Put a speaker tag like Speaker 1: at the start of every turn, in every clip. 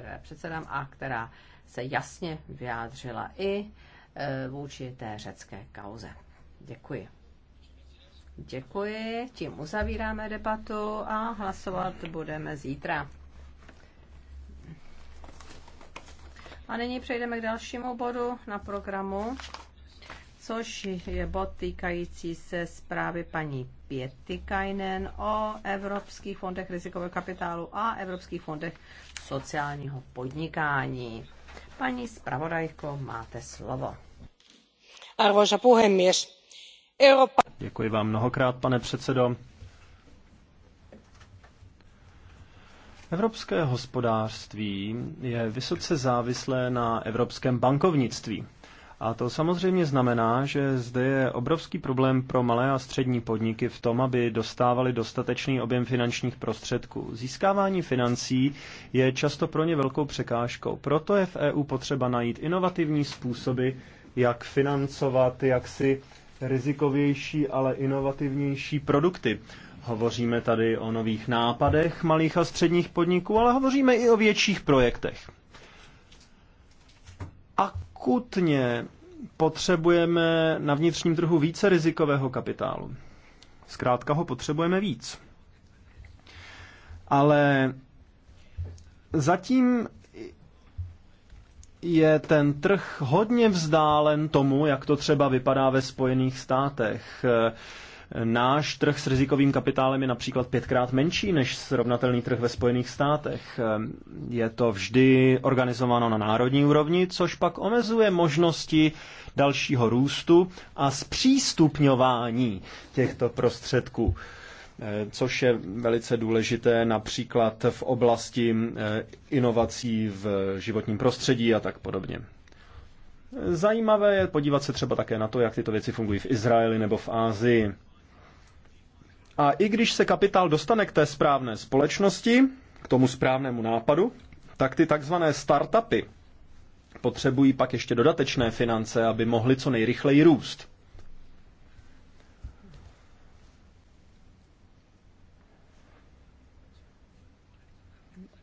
Speaker 1: které předsedám a která se jasně vyjádřila i e, vůči té řecké kauze. Děkuji. Děkuji, tím uzavíráme debatu a hlasovat budeme zítra. A nyní přejdeme k dalšímu bodu na programu, což je bod týkající se zprávy paní Pětikainen o Evropských fondech rizikového kapitálu a Evropských fondech sociálního podnikání. Paní zpravodajko, máte slovo. Arvoisa puhemies.
Speaker 2: Europa...
Speaker 3: Děkuji vám mnohokrát, pane předsedo. Evropské hospodářství je vysoce závislé na evropském bankovnictví. A to samozřejmě znamená, že zde je obrovský problém pro malé a střední podniky v tom, aby dostávali dostatečný objem finančních prostředků. Získávání financí je často pro ně velkou překážkou. Proto je v EU potřeba najít inovativní způsoby, jak financovat, jak si rizikovější, ale inovativnější produkty. Hovoříme tady o nových nápadech malých a středních podniků, ale hovoříme i o větších projektech. Akutně potřebujeme na vnitřním trhu více rizikového kapitálu. Zkrátka ho potřebujeme víc. Ale zatím je ten trh hodně vzdálen tomu, jak to třeba vypadá ve Spojených státech. Náš trh s rizikovým kapitálem je například pětkrát menší než srovnatelný trh ve Spojených státech. Je to vždy organizováno na národní úrovni, což pak omezuje možnosti dalšího růstu a zpřístupňování těchto prostředků což je velice důležité například v oblasti eh, inovací v životním prostředí a tak podobně. Zajímavé je podívat se třeba také na to, jak tyto věci fungují v Izraeli nebo v Ázii. A i když se kapitál dostane k té správné společnosti, k tomu správnému nápadu, tak ty takzvané startupy potřebují pak ještě dodatečné finance, aby mohly co nejrychleji růst.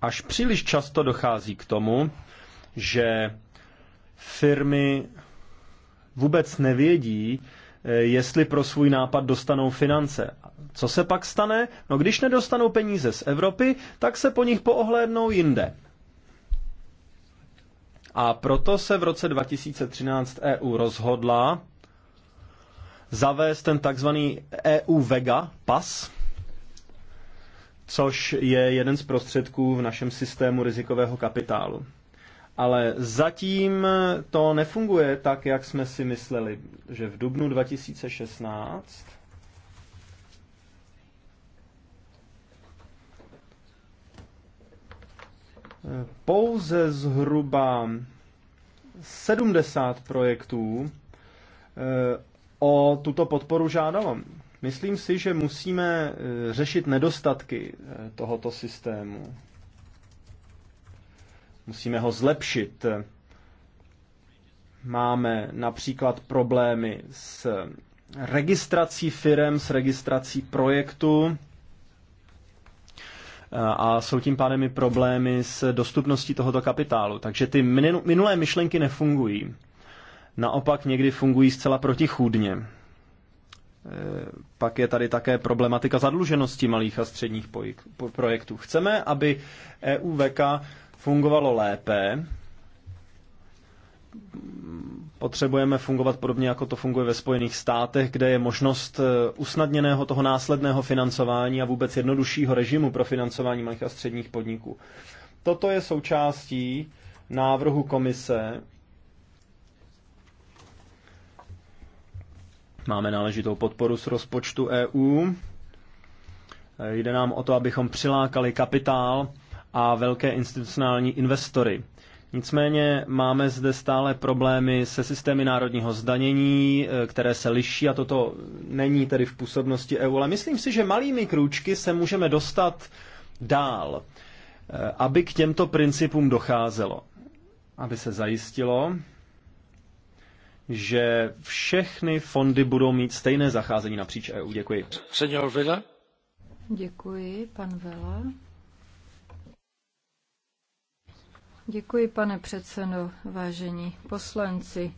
Speaker 3: Až příliš často dochází k tomu, že firmy vůbec nevědí, Eh, jestli pro svůj nápad dostanou finance. Co se pak stane? No když nedostanou peníze z Evropy, tak se po nich poohlédnou jinde. A proto se v roce 2013 EU rozhodla zavést ten takzvaný EU Vega pas, což je jeden z prostředků v našem systému rizikového kapitálu ale zatím to nefunguje tak, jak jsme si mysleli, že v dubnu 2016 pouze zhruba 70 projektů eh, o tuto podporu žádalo. Myslím si, že musíme eh, řešit nedostatky eh, tohoto systému musíme ho zlepšit. Máme například problémy s registrací firem, s registrací projektu a jsou tím pádem i problémy s dostupností tohoto kapitálu. Takže ty minulé myšlenky nefungují. Naopak někdy fungují zcela protichůdně. E, pak je tady také problematika zadluženosti malých a středních projektů. Chceme, aby EUVK fungovalo lépe. Potřebujeme fungovat podobně, jako to funguje ve Spojených státech, kde je možnost eh, usnadněného toho následného financování a vůbec jednoduššího režimu pro financování malých a středních podniků. Toto je součástí návrhu komise. Máme náležitou podporu z rozpočtu EU. Eh, jde nám o to, abychom přilákali kapitál a velké institucionální investory. Nicméně máme zde stále problémy se systémy národního zdanění, e, které se liší a toto není tedy v působnosti EU, ale myslím si, že malými krůčky se můžeme dostat dál, e, aby k těmto principům docházelo. Aby se zajistilo, že všechny fondy budou mít stejné zacházení napříč EU. Děkuji. Senior Vela.
Speaker 2: Děkuji, pan Vela. Děkuji, pane předsedo, vážení poslanci.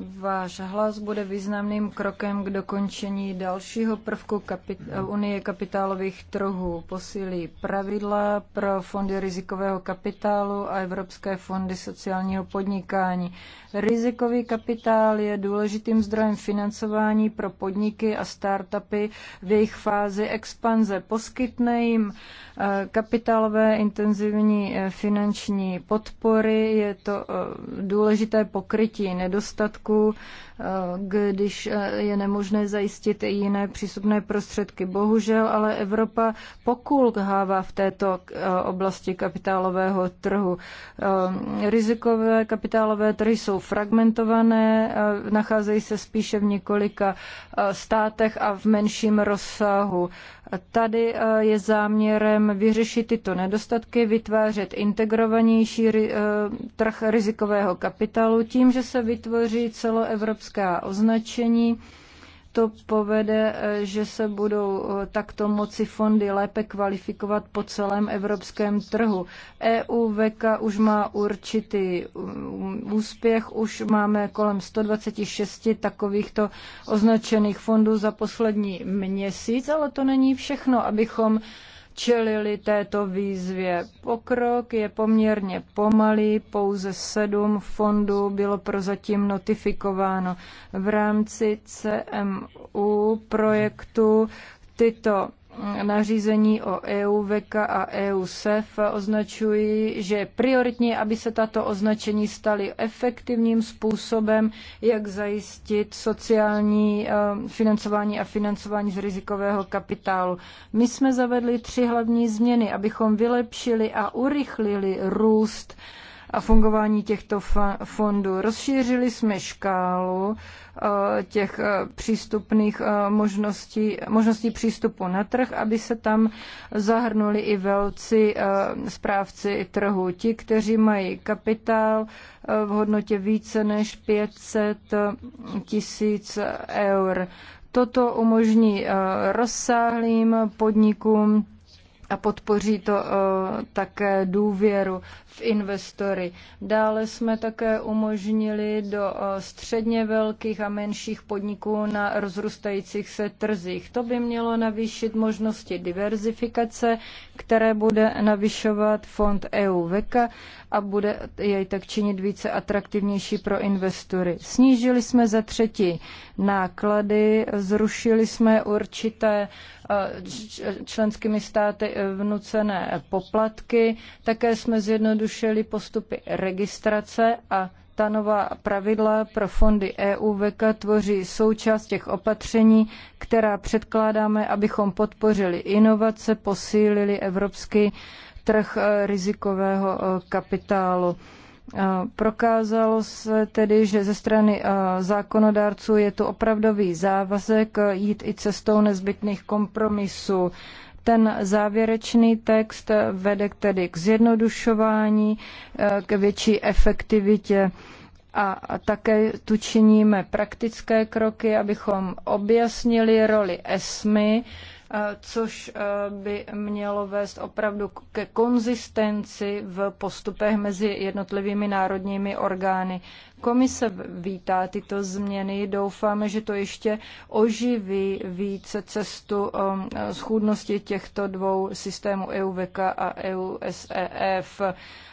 Speaker 2: Váš hlas bude významným krokem k dokončení dalšího prvku kapit- Unie kapitálových trhů. Posílí pravidla pro fondy rizikového kapitálu a Evropské fondy sociálního podnikání. Rizikový kapitál je důležitým zdrojem financování pro podniky a startupy v jejich fázi expanze. Poskytne jim eh, kapitálové intenzivní eh, finanční podpory. Je to eh, důležité pokrytí nedostatku prostředků, eh, když eh, je nemožné zajistit i jiné přístupné prostředky. Bohužel ale Evropa pokulhává v této eh, oblasti kapitálového trhu. Rizikové kapitálové trhy jsou fragmentované, nacházejí se spíše v několika státech a v menším rozsahu. Tady eh, je záměrem vyřešit tyto nedostatky, vytvářet integrovanější eh, trh rizikového kapitálu tím, že se vytvoří celoevropská označení to povede, eh, že se budou eh, takto moci fondy lépe kvalifikovat po celém evropském trhu. EU VK už má určitý mm, úspěch, už máme kolem 126 takovýchto označených fondů za poslední měsíc, ale to není všechno, abychom čelili této výzvě. Pokrok je poměrně pomalý, pouze sedm fondů bylo prozatím notifikováno. V rámci CMU projektu tyto nařízení o EU, a EU SEF označují, že je prioritní, aby se tato označení staly efektivním způsobem, jak zajistit sociální eh, financování a financování z rizikového kapitálu. My jsme zavedli tři hlavní změny, abychom vylepšili a urychlili růst a fungování těchto fondů. Rozšířili jsme škálu eh, těch eh, přístupných eh, možností, možností přístupu na trh, aby se tam zahrnuli i velcí správci trhu. Ti, kteří mají kapitál v hodnotě více než 500 tisíc eur. Toto umožní rozsáhlým podnikům a podpoří to eh, také důvěru v investory. Dále jsme také umožnili do eh, středně velkých a menších podniků na rozrůstajících se trzích. To by mělo navýšit možnosti diverzifikace, které bude navyšovat fond EU VECA a bude jej tak činit více atraktivnější pro investory. Snížili jsme za třetí náklady. Zrušili jsme určité eh, členskými státy eh, vnucené poplatky. Také jsme zjednodušili postupy registrace a ta nová pravidla pro fondy EU VK tvoří součást těch opatření, která předkládáme, abychom podpořili inovace, posílili evropský trh eh, rizikového kapitálu. Prokázalo se tedy, že ze strany zákonodárců je tu opravdový závazek jít i cestou nezbytných kompromisů. Ten závěrečný text vede tedy k zjednodušování, k větší efektivitě a také tu činíme praktické kroky, abychom objasnili roli ESMY, Eh, což eh, by mělo vést opravdu ke konzistenci v postupech mezi jednotlivými národními orgány. Komise vítá tyto změny. Doufáme, že to ještě oživí více cestu um, schůdnosti těchto dvou systémů EUVK a EUSEF.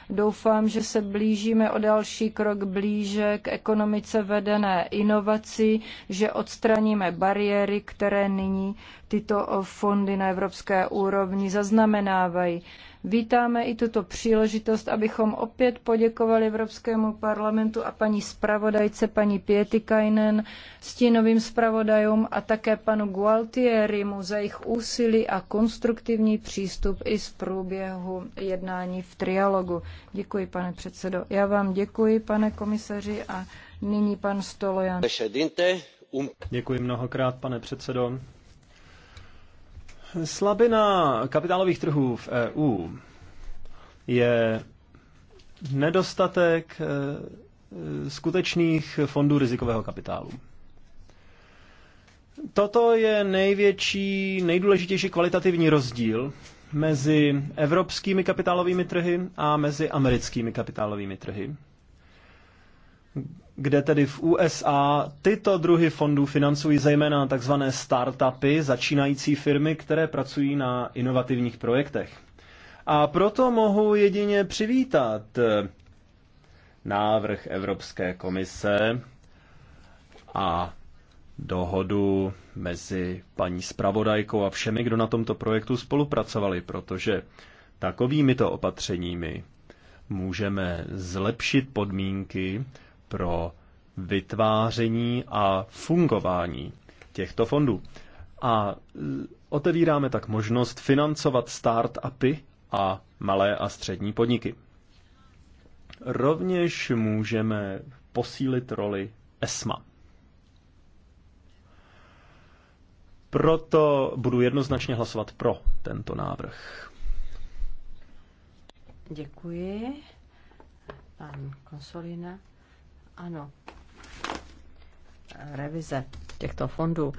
Speaker 2: Doufám, že se blížíme o další krok blíže k ekonomice vedené inovací, že odstraníme bariéry, které nyní tyto uh, fondy na evropské úrovni zaznamenávají. Vítáme i tuto příležitost, abychom opět poděkovali Evropskému parlamentu a paní zpravodajce, paní Pietikainen, stínovým zpravodajům a také panu Gualtierimu za jejich úsilí a konstruktivní přístup i z průběhu jednání v trialogu. Děkuji, pane předsedo. Já vám děkuji, pane komisaři, a nyní pan Stolojan.
Speaker 3: Děkuji mnohokrát, pane předsedo. Slabina kapitálových trhů v EU je nedostatek e, e, skutečných fondů rizikového kapitálu. Toto je největší, nejdůležitější kvalitativní rozdíl mezi evropskými kapitálovými trhy a mezi americkými kapitálovými trhy kde tedy v USA tyto druhy fondů financují zejména tzv. startupy, začínající firmy, které pracují na inovativních projektech. A proto mohu jedině přivítat eh, návrh Evropské komise a dohodu mezi paní spravodajkou a všemi, kdo na tomto projektu spolupracovali, protože takovými to opatřeními můžeme zlepšit podmínky pro vytváření a fungování těchto fondů. A otevíráme tak možnost financovat start-upy a malé a střední podniky. Rovněž můžeme posílit roli ESMA. Proto budu jednoznačně hlasovat pro tento návrh.
Speaker 1: Děkuji. Pan Konsolina. Ano. Revize těchto fondů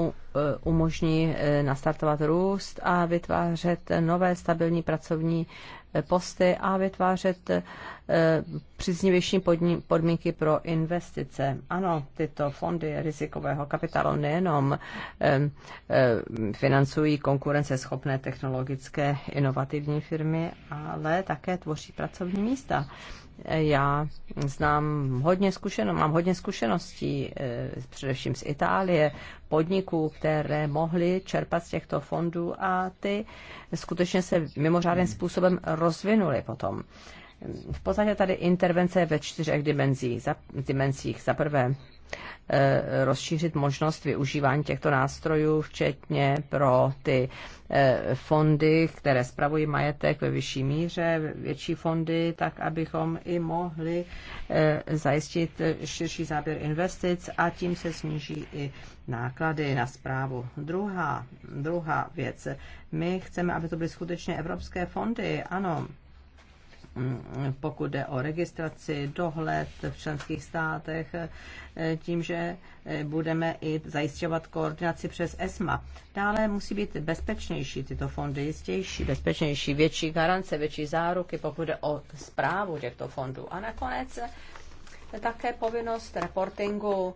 Speaker 1: e, umožní e, nastartovat růst a vytvářet nové stabilní pracovní e, posty a vytvářet příznivější podmínky pro investice. Ano, tyto fondy rizikového kapitálu nejenom financují konkurenceschopné technologické inovativní firmy, ale také tvoří pracovní místa. Já znám hodně zkušenost, mám hodně zkušeností, eh, především z Itálie, podniků, které mohly čerpat z těchto fondů a ty skutečně se mimořádným způsobem rozvinuly potom. V podstatě tady intervence ve čtyřech dimenzích. Za, dimenzích. Za prvé Eh, rozšířit možnost využívání těchto nástrojů, včetně pro ty eh, fondy, které spravují majetek ve vyšší míře, větší fondy, tak abychom i mohli eh, zajistit širší záběr investic a tím se sníží i náklady na zprávu. Druhá, druhá věc. My chceme, aby to byly skutečně evropské fondy. Ano, pokud jde o registraci, dohled v členských státech, tím, že budeme i zajišťovat koordinaci přes ESMA. Dále musí být bezpečnější tyto fondy, jistější, bezpečnější, větší garance, větší záruky, pokud jde o zprávu těchto fondů. A nakonec také povinnost reportingu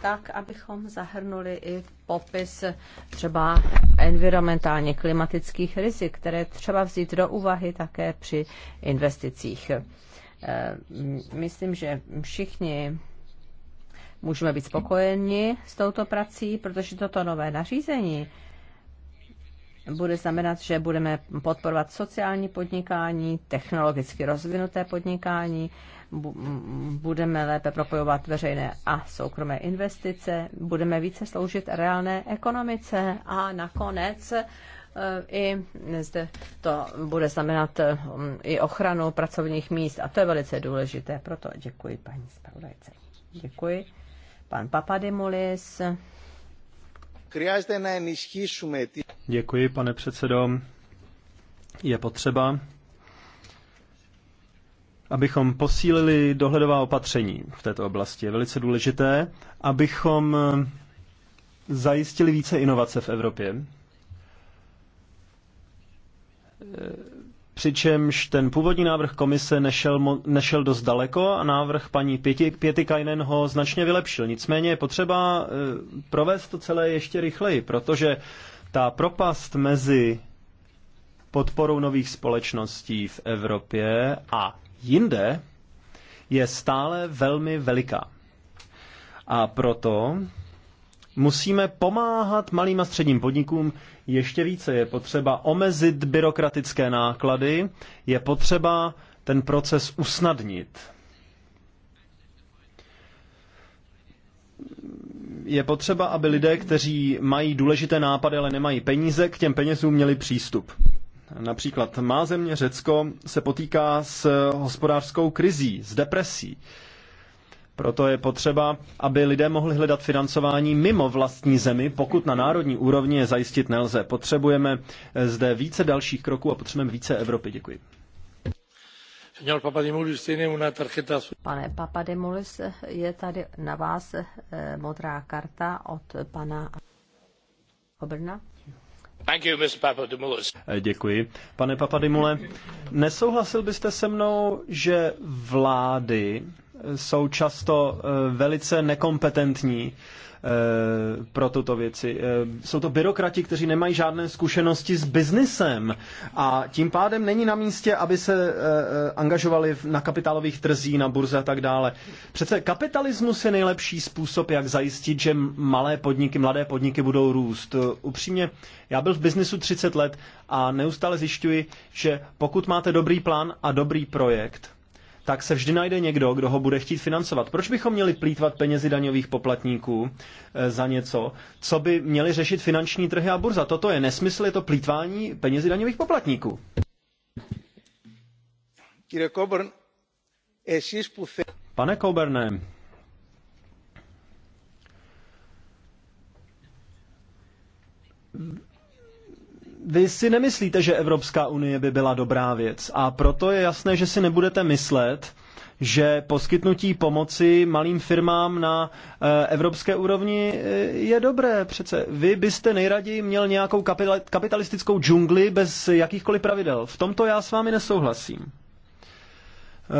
Speaker 1: tak, abychom zahrnuli i popis třeba environmentálně klimatických rizik, které třeba vzít do úvahy také při investicích. E, myslím, že všichni můžeme být spokojeni s touto prací, protože toto nové nařízení bude znamenat, že budeme podporovat sociální podnikání, technologicky rozvinuté podnikání budeme lépe propojovat veřejné a soukromé investice, budeme více sloužit reálné ekonomice a nakonec eh, i zde to bude znamenat eh, i ochranu pracovních míst a to je velice důležité. Proto děkuji paní zpravodajce. Děkuji. Pan Papadimulis.
Speaker 3: Děkuji, pane předsedo. Je potřeba abychom posílili dohledová opatření v této oblasti. Je velice důležité, abychom eh, zajistili více inovace v Evropě. Eh, přičemž ten původní návrh komise nešel, nešel dost daleko a návrh paní Pěti, Pětikajnen ho značně vylepšil. Nicméně je potřeba eh, provést to celé ještě rychleji, protože ta propast mezi podporou nových společností v Evropě a jinde je stále velmi veliká. A proto musíme pomáhat malým a středním podnikům ještě více. Je potřeba omezit byrokratické náklady, je potřeba ten proces usnadnit. Je potřeba, aby lidé, kteří mají důležité nápady, ale nemají peníze, k těm penězům měli přístup. Například má země Řecko se potýká s hospodářskou krizí, s depresí. Proto je potřeba, aby lidé mohli hledat financování mimo vlastní zemi, pokud na národní úrovni je zajistit nelze. Potřebujeme eh, zde více dalších kroků a potřebujeme více Evropy. Děkuji.
Speaker 1: Pane Papademulis, je tady na vás eh,
Speaker 3: modrá karta od pana Obrna. Eh, děkuji. Pane Papadimule, nesouhlasil byste se mnou, že vlády jsou často eh, velice nekompetentní eh, pro tuto věci. Eh, jsou to byrokrati, kteří nemají žádné zkušenosti s biznesem a tím pádem není na místě, aby se angažovali na kapitálových trzích, na burze a tak dále. Přece kapitalismus je nejlepší způsob, jak zajistit, že malé podniky, mladé podniky budou růst. Upřímně, já byl v biznisu 30 let a neustále zjišťuji, že pokud máte dobrý plán a dobrý projekt, tak se vždy najde někdo, kdo ho bude chtít financovat. Proč bychom měli plítvat penězi daňových poplatníků e, za něco, co by měli řešit finanční trhy a burza? Toto je nesmysl, je to plítvání penězi daňových poplatníků. Pane Mm-hmm vy si nemyslíte, že Evropská unie by byla dobrá věc a proto je jasné, že si nebudete myslet, že poskytnutí pomoci malým firmám na eh, evropské úrovni eh, je dobré. Přece vy byste nejraději měl nějakou kapitalistickou džungli bez jakýchkoliv pravidel. V tomto já s vámi nesouhlasím.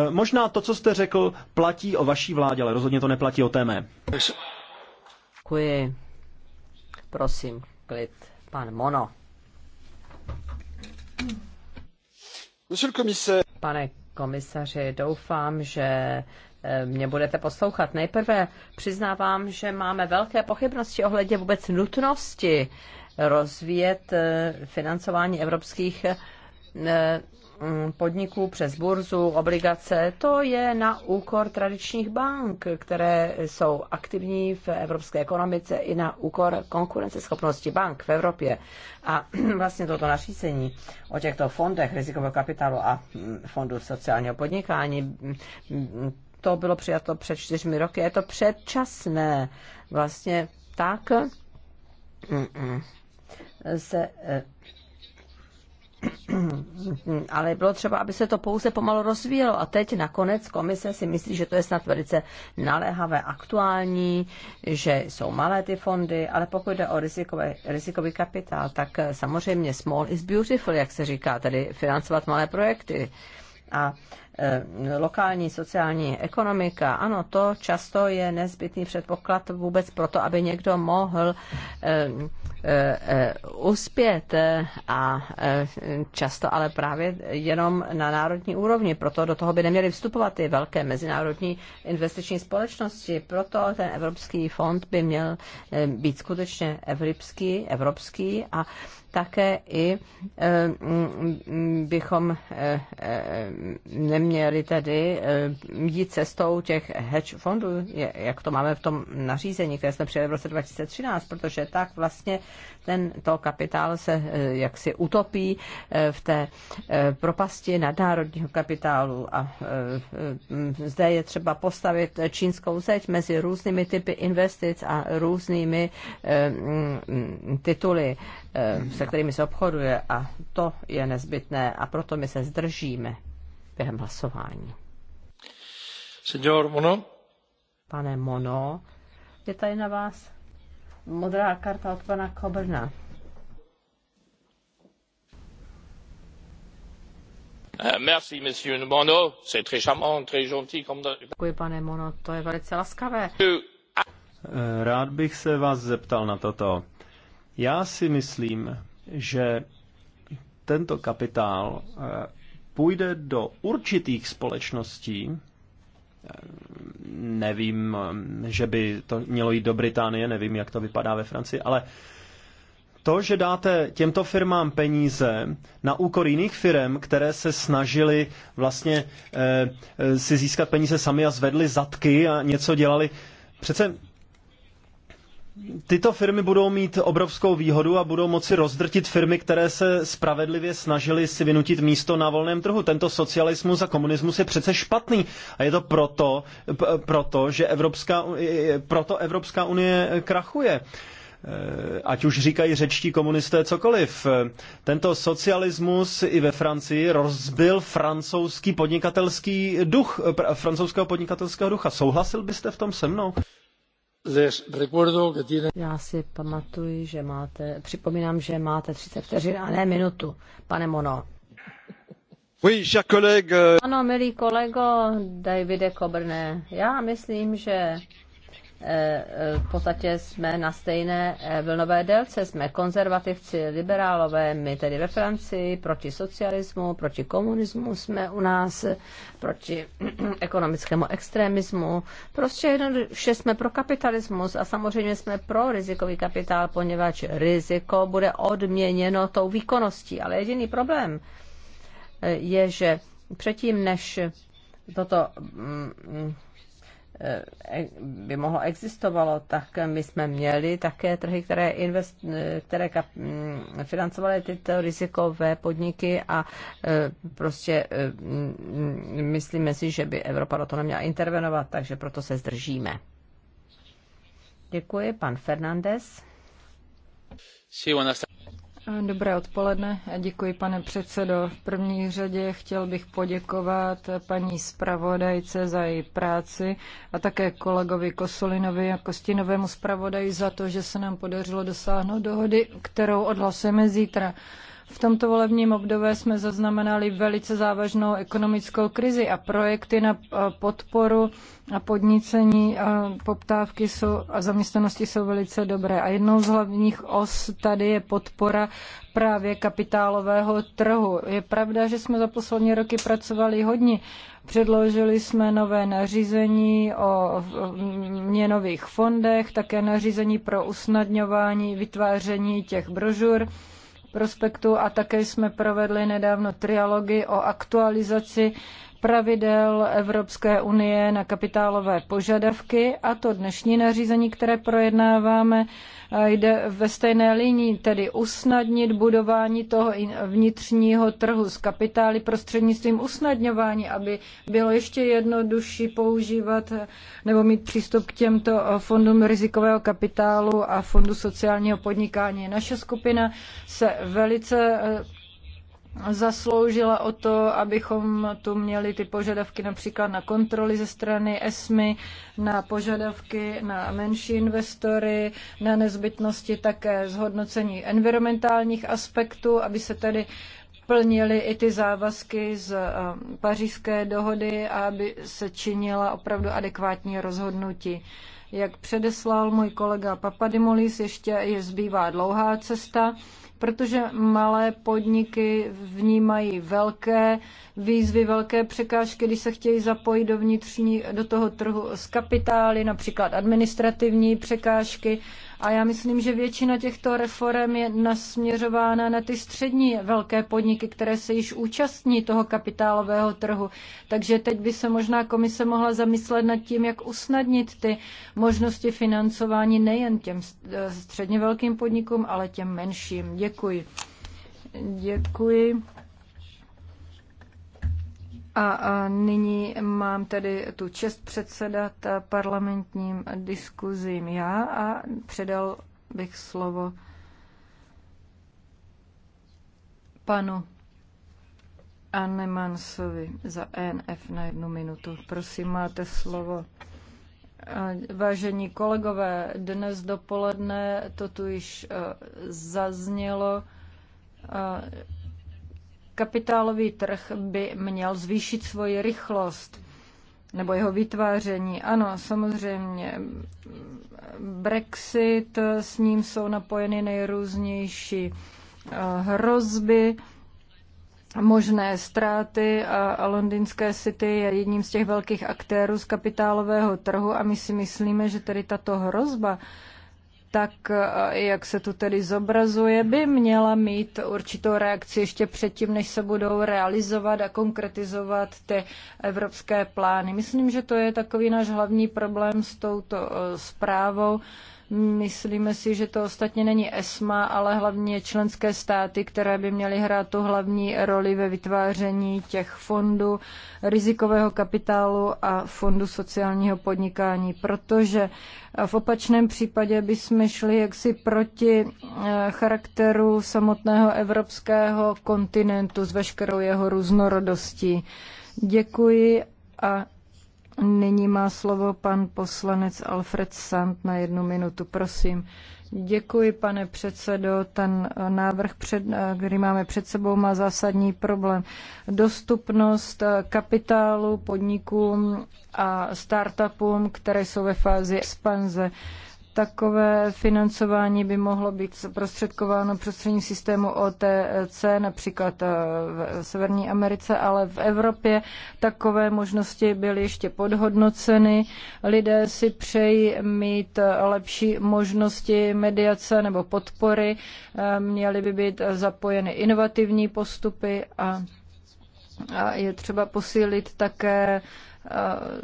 Speaker 3: Eh, možná to, co jste řekl, platí o vaší vládě, ale rozhodně to neplatí o té mé.
Speaker 1: Děkuji. Prosím, klid. Pan Mono. Pane komisaři, doufám, že eh, mě budete poslouchat. Nejprve přiznávám, že máme velké pochybnosti ohledně vůbec nutnosti rozvíjet eh, financování evropských eh, Mm, podniků přes burzu, obligace, to je na úkor tradičních bank, které jsou aktivní v evropské ekonomice i na úkor konkurenceschopnosti bank v Evropě. A vlastně toto nařízení o těchto fondech rizikového kapitálu a mm, fondu sociálního podnikání mm, to bylo přijato před čtyřmi roky. Je to předčasné. Vlastně tak se eh, ale bylo třeba, aby se to pouze pomalu rozvíjelo. A teď nakonec komise si myslí, že to je snad velice naléhavé, aktuální, že jsou malé ty fondy, ale pokud jde o rizikové, rizikový kapitál, tak samozřejmě small is beautiful, jak se říká, tedy financovat malé projekty. A Eh, lokální sociální ekonomika, ano, to často je nezbytný předpoklad vůbec proto, aby někdo mohl eh, eh, uspět a často ale právě jenom na národní úrovni. Proto do toho by neměly vstupovat ty velké mezinárodní investiční společnosti. Proto ten Evropský fond by měl být skutečně evropský, evropský a také i bychom neměli měli tedy eh, jít cestou těch hedge fondů, jak to máme v tom nařízení, které jsme přijeli v roce 2013, protože tak vlastně tento kapitál se eh, jaksi utopí eh, v té propasti nadnárodního kapitálu a zde je třeba postavit čínskou zeď mezi různými typy investic a různými tituly, se kterými se obchoduje a to je nezbytné a proto my se zdržíme během hlasování.
Speaker 3: Senor Mono?
Speaker 1: Pane Mono, je tady na vás modrá karta od pana Kobrna. Eh, merci, monsieur Mono. C'est très charmant, très gentil. Děkuji, pane Mono, to je velice laskavé.
Speaker 3: Eh, rád bych se vás zeptal na toto. Já si myslím, že tento kapitál eh, půjde do určitých společností, eh, nevím, že by to mělo jít do Británie, nevím, jak to vypadá ve Francii, ale to, že dáte těmto firmám peníze na úkor jiných firm, které se snažili vlastně eh, eh, si získat peníze sami a zvedli zadky a něco dělali, přece tyto firmy budou mít obrovskou výhodu a budou moci rozdrtit firmy, které se spravedlivě snažily si vynutit místo na volném trhu. Tento socialismus a komunismus je přece špatný a je to proto, proto že Evropská, proto Evropská unie krachuje eh, ať už říkají řečtí komunisté cokoliv. Tento socialismus i ve Francii rozbil francouzský podnikatelský duch, eh, francouzského podnikatelského ducha. Souhlasil byste v tom se mnou?
Speaker 1: Já si pamatuju, že máte, připomínám, že máte 30 vteřin a ne minutu, pane Mono. Oui, cher collègue. Euh, ano, milý kolego Davide Kobrne, já myslím, že Eh, eh, v podstatě jsme na stejné eh, vlnové délce, jsme konzervativci, liberálové, my tedy ve Francii, proti socialismu, proti komunismu jsme u nás, proti ekonomickému extremismu. Prostě jednoduše jsme pro kapitalismus a samozřejmě jsme pro rizikový kapitál, poněvadž riziko bude odměněno tou výkonností. Ale jediný problém je, že předtím, než toto mm, Eh, eh, by mohlo existovalo, tak my jsme měli také trhy, které, invest, eh, které kap, mm, financovaly tyto rizikové podniky a prostě mm, myslíme si, že by Evropa do toho neměla intervenovat, takže proto se zdržíme.
Speaker 2: Děkuji, pan Fernandez.
Speaker 1: Sí, buenas tardes.
Speaker 2: Dobré odpoledne, děkuji pane předsedo. V první řadě chtěl bych poděkovat paní zpravodajce za její práci a také kolegovi Kosolinovi a Kostinovému zpravodaji za to, že se nám podařilo dosáhnout dohody, kterou odhlasujeme zítra. V tomto volebním období jsme zaznamenali velice závažnou ekonomickou krizi a projekty na eh, podporu a podnícení a eh, poptávky jsou, a zaměstnanosti jsou velice dobré. A jednou z hlavních os tady je podpora právě kapitálového trhu. Je pravda, že jsme za poslední roky pracovali hodně. Předložili jsme nové nařízení o měnových fondech, také nařízení pro usnadňování vytváření těch brožur prospektu a také jsme provedli nedávno trialogy o aktualizaci pravidel Evropské unie na kapitálové požadavky a to dnešní nařízení, které projednáváme, jde ve stejné linii, tedy usnadnit budování toho vnitřního trhu s kapitály prostřednictvím usnadňování, aby bylo ještě jednodušší používat eh, nebo mít přístup k těmto eh, fondům rizikového kapitálu a fondu sociálního podnikání. Naše skupina se velice eh, zasloužila o to, abychom tu měli ty požadavky například na kontroly ze strany ESMY, na požadavky na menší investory, na nezbytnosti také zhodnocení environmentálních aspektů, aby se tedy plnily i ty závazky z eh, pařížské dohody a aby se činila opravdu adekvátní rozhodnutí. Jak předeslal můj kolega Papadimolis, ještě je zbývá dlouhá cesta protože malé podniky vnímají velké výzvy, velké překážky, když se chtějí zapojit do, vnitřní, do toho trhu s kapitály, například administrativní překážky a já myslím, že většina těchto reform je nasměřována na ty střední velké podniky, které se již účastní toho kapitálového trhu. Takže teď by se možná komise mohla zamyslet nad tím, jak usnadnit ty možnosti financování nejen těm středně velkým podnikům, ale těm menším. Děkuji. Děkuji. A nyní mám tedy tu čest předsedat parlamentním diskuzím já a předal bych slovo panu Annemansovi za ENF na jednu minutu. Prosím, máte slovo. Vážení kolegové, dnes dopoledne to tu již e, zaznělo Kapitálový trh by měl zvýšit svoji rychlost nebo jeho vytváření. Ano, samozřejmě. Brexit, s ním jsou napojeny nejrůznější eh, hrozby, možné ztráty a londýnské city je jedním z těch velkých aktérů z kapitálového trhu a my si myslíme, že tedy tato hrozba tak eh, jak se tu tedy zobrazuje, by měla mít určitou reakci ještě předtím, než se budou realizovat a konkretizovat ty evropské plány. Myslím, že to je takový náš hlavní problém s touto eh, zprávou Myslíme si, že to ostatně není ESMA, ale hlavně členské státy, které by měly hrát tu hlavní roli ve vytváření těch fondů rizikového kapitálu a fondu sociálního podnikání, protože v opačném případě bychom šli jaksi proti eh, charakteru samotného evropského kontinentu s veškerou jeho různorodostí. Děkuji a Nyní má slovo pan poslanec Alfred Sand na jednu minutu, prosím. Děkuji, pane předsedo. Ten eh, návrh, před, eh, který máme před sebou, má zásadní problém. Dostupnost eh, kapitálu podnikům a startupům, které jsou ve fázi expanze. Takové financování by mohlo být zprostředkováno prostřední systému OTC, například eh, v Severní Americe, ale v Evropě takové možnosti byly ještě podhodnoceny. Lidé si přejí mít eh, lepší možnosti mediace nebo podpory, eh, měly by být zapojeny inovativní postupy a je třeba posílit také Eh,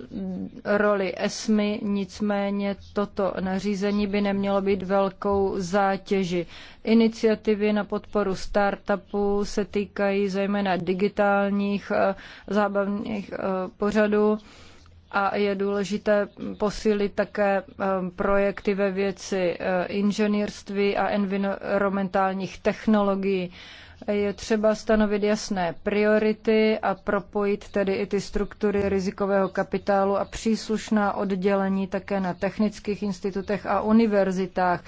Speaker 2: roli ESMY, nicméně toto nařízení by nemělo být velkou zátěži. Iniciativy na podporu startupů se týkají zejména digitálních eh, zábavných eh, pořadů a je důležité posílit také projekty ve věci inženýrství a environmentálních technologií je třeba stanovit jasné priority a propojit tedy i ty struktury rizikového kapitálu a příslušná oddělení také na technických institutech a univerzitách.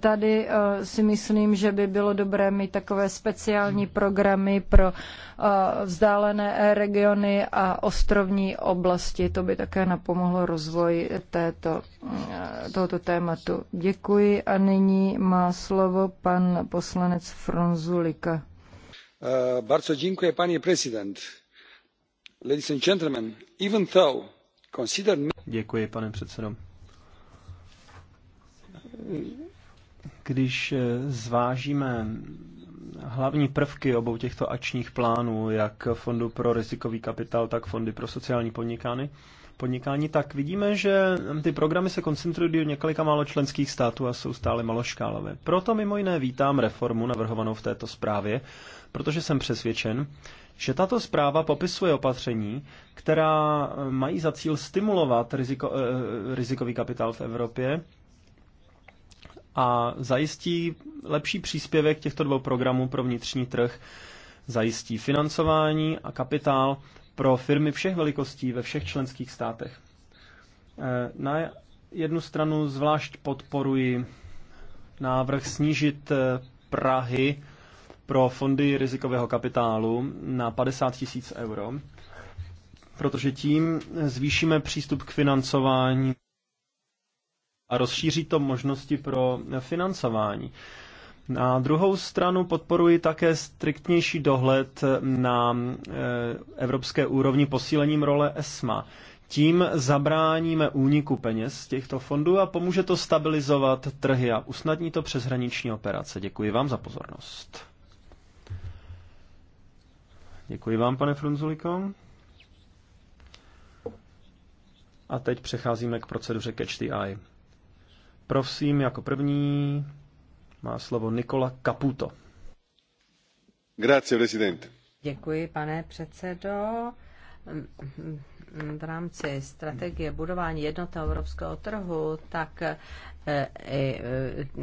Speaker 2: Tady eh, si myslím, že by bylo dobré mít takové speciální programy pro eh, vzdálené regiony a ostrovní oblasti. To by také napomohlo rozvoji této, eh, tohoto tématu. Děkuji a nyní má slovo pan poslanec Fronzulika.
Speaker 3: Uh, bardzo dziękuję, panie prezydent. Ladies and gentlemen, even though considered... Děkuji, pane předsedo když eh, zvážíme hlavní prvky obou těchto ačních plánů, jak Fondu pro rizikový kapitál, tak Fondy pro sociální podnikání, podnikání, tak vidíme, že ty programy se koncentrují do několika málo členských států a jsou stále maloškálové. Proto mimo jiné vítám reformu navrhovanou v této zprávě, protože jsem přesvědčen, že tato zpráva popisuje opatření, která eh, mají za cíl stimulovat riziko, eh, rizikový kapitál v Evropě a zajistí lepší příspěvek těchto dvou programů pro vnitřní trh, zajistí financování a kapitál pro firmy všech velikostí ve všech členských státech. Eh, na jednu stranu zvlášť podporuji návrh snížit eh, Prahy pro fondy rizikového kapitálu na 50 tisíc euro, protože tím zvýšíme přístup k financování a rozšíří to možnosti pro financování. Na druhou stranu podporuji také striktnější dohled na eh, evropské úrovni posílením role ESMA. Tím zabráníme úniku peněz z těchto fondů a pomůže to stabilizovat trhy a usnadní to přeshraniční operace. Děkuji vám za pozornost. Děkuji vám, pane Frunzuliko. A teď přecházíme k proceduře Catch the Eye. Prosím, jako první má slovo Nikola Caputo. Grazie, presidente.
Speaker 1: Děkuji, pane předsedo v rámci strategie budování jednotného evropského trhu, tak eh, eh,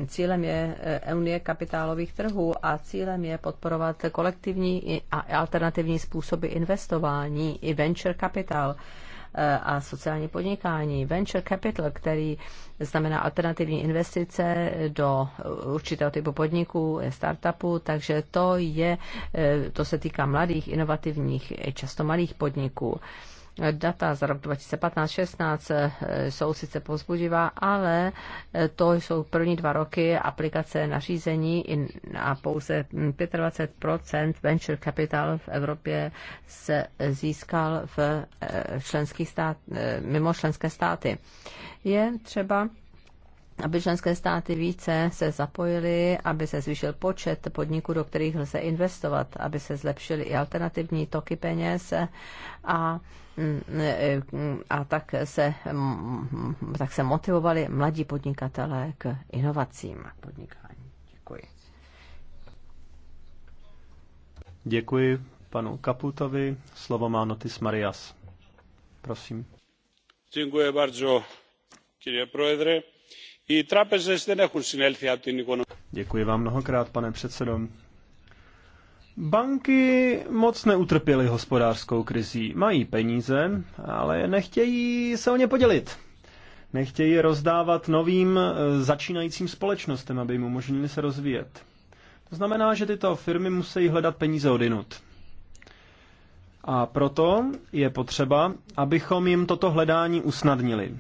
Speaker 1: cílem je eh, Unie kapitálových trhů a cílem je podporovat kolektivní a alternativní způsoby investování i venture capital. Eh, a sociální podnikání, venture capital, který znamená alternativní investice do určitého typu podniků, startupů, takže to je, eh, to se týká mladých, inovativních, často malých podniků. Data z roku 2015-16 jsou sice pozbudivá, ale eh, to jsou první dva roky aplikace nařízení a pouze 25 venture capital v Evropě se získal v eh, členských stát, eh, mimo členské státy. Je třeba aby členské státy více se zapojily, aby se zvýšil počet podniků, do kterých lze investovat, aby se zlepšily i alternativní toky peněz a, a tak, se, tak se motivovali mladí podnikatelé k inovacím podnikání.
Speaker 3: Děkuji. Děkuji panu Kaputovi. Slovo má Notis Marias. Prosím. Děkuji bardzo, kyrie proedre. Děkuji vám mnohokrát, pane předsedo. Banky moc neutrpěly hospodářskou krizí. Mají peníze, ale nechtějí se o ně podělit. Nechtějí rozdávat novým eh, začínajícím společnostem, aby jim umožnili se rozvíjet. To znamená, že tyto firmy musí hledat peníze odinut. A proto je potřeba, abychom jim toto hledání usnadnili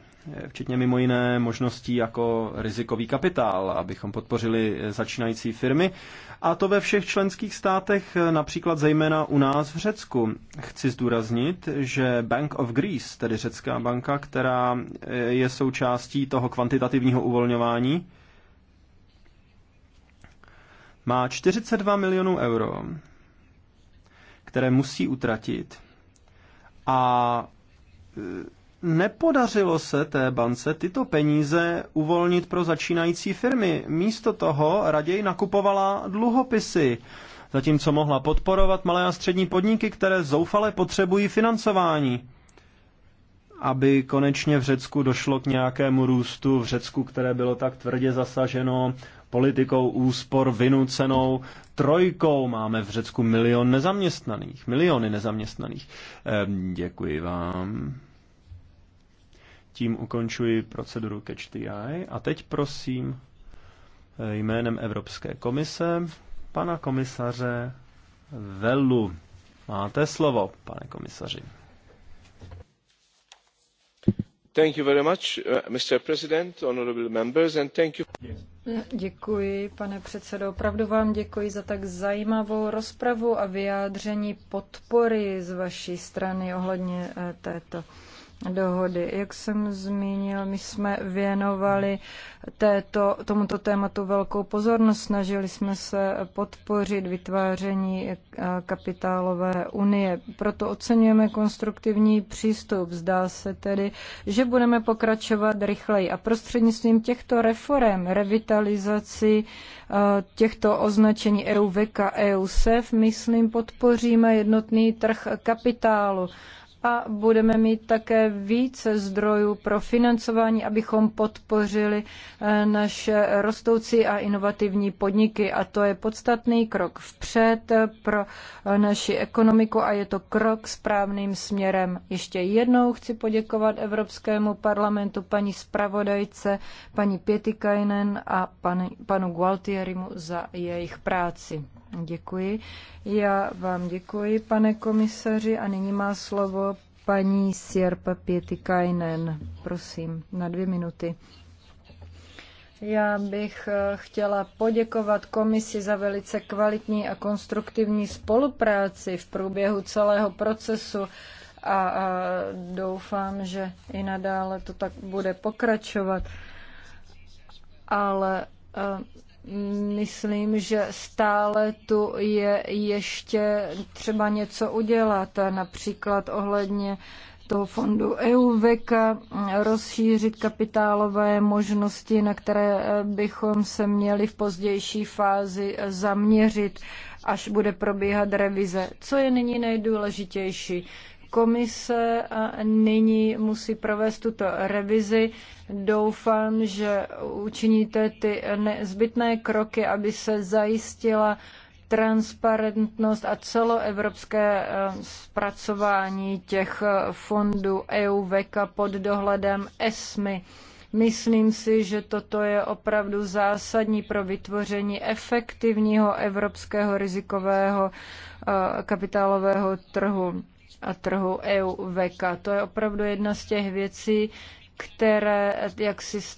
Speaker 3: včetně mimo jiné možností jako rizikový kapitál, abychom podpořili začínající firmy. A to ve všech členských státech, například zejména u nás v Řecku. Chci zdůraznit, že Bank of Greece, tedy řecká banka, která je součástí toho kvantitativního uvolňování, má 42 milionů euro, které musí utratit a Nepodařilo se té bance tyto peníze uvolnit pro začínající firmy. Místo toho raději nakupovala dluhopisy, zatímco mohla podporovat malé a střední podniky, které zoufale potřebují financování. Aby konečně v Řecku došlo k nějakému růstu, v Řecku, které bylo tak tvrdě zasaženo politikou úspor vynucenou trojkou. Máme v Řecku milion nezaměstnaných, miliony nezaměstnaných. Ehm, děkuji vám. Tím ukončuji proceduru Catch the Eye a teď prosím eh, jménem Evropské komise pana komisaře Velu. Máte slovo, pane komisaři.
Speaker 1: Thank you very much, uh, Mr. President, honorable members, and thank you.
Speaker 2: Děkuji, pane předsedo. Opravdu vám děkuji za tak zajímavou rozpravu a vyjádření podpory z vaší strany ohledně eh, této dohody. Jak jsem zmínil, my jsme věnovali této, tomuto tématu velkou pozornost. Snažili jsme se podpořit vytváření kapitálové unie. Proto oceňujeme konstruktivní přístup. Zdá se tedy, že budeme pokračovat rychleji. A prostřednictvím těchto reform, revitalizaci eh, těchto označení EUVEC a EUSEF, myslím, podpoříme jednotný trh kapitálu a budeme mít také více zdrojů pro financování, abychom podpořili eh, naše rostoucí a inovativní podniky. A to je podstatný krok vpřed pro eh, naši ekonomiku a je to krok správným směrem. Ještě jednou chci poděkovat Evropskému parlamentu paní zpravodajce, paní Pietikainen a panu Gualtierimu za jejich práci. Děkuji. Já vám děkuji, pane komisaři, a nyní má slovo paní Sierpa Pietikainen. Prosím, na dvě minuty. Já bych eh, chtěla poděkovat komisi za velice kvalitní a konstruktivní spolupráci v průběhu celého procesu a, doufám, že i nadále to tak bude pokračovat. Ale eh, myslím, že stále tu je ještě třeba něco udělat, například ohledně toho fondu EUVEC rozšířit kapitálové možnosti, na které bychom se měli v pozdější fázi zaměřit, až bude probíhat revize. Co je nyní nejdůležitější? komise nyní musí provést tuto revizi. Doufám, že učiníte ty nezbytné kroky, aby se zajistila transparentnost a celoevropské eh, zpracování těch eh, fondů EU VECA pod dohledem ESMI. Myslím si, že toto je opravdu zásadní pro vytvoření efektivního evropského rizikového eh, kapitálového trhu a trhu EU VK. To je opravdu jedna z těch věcí, které jak si stále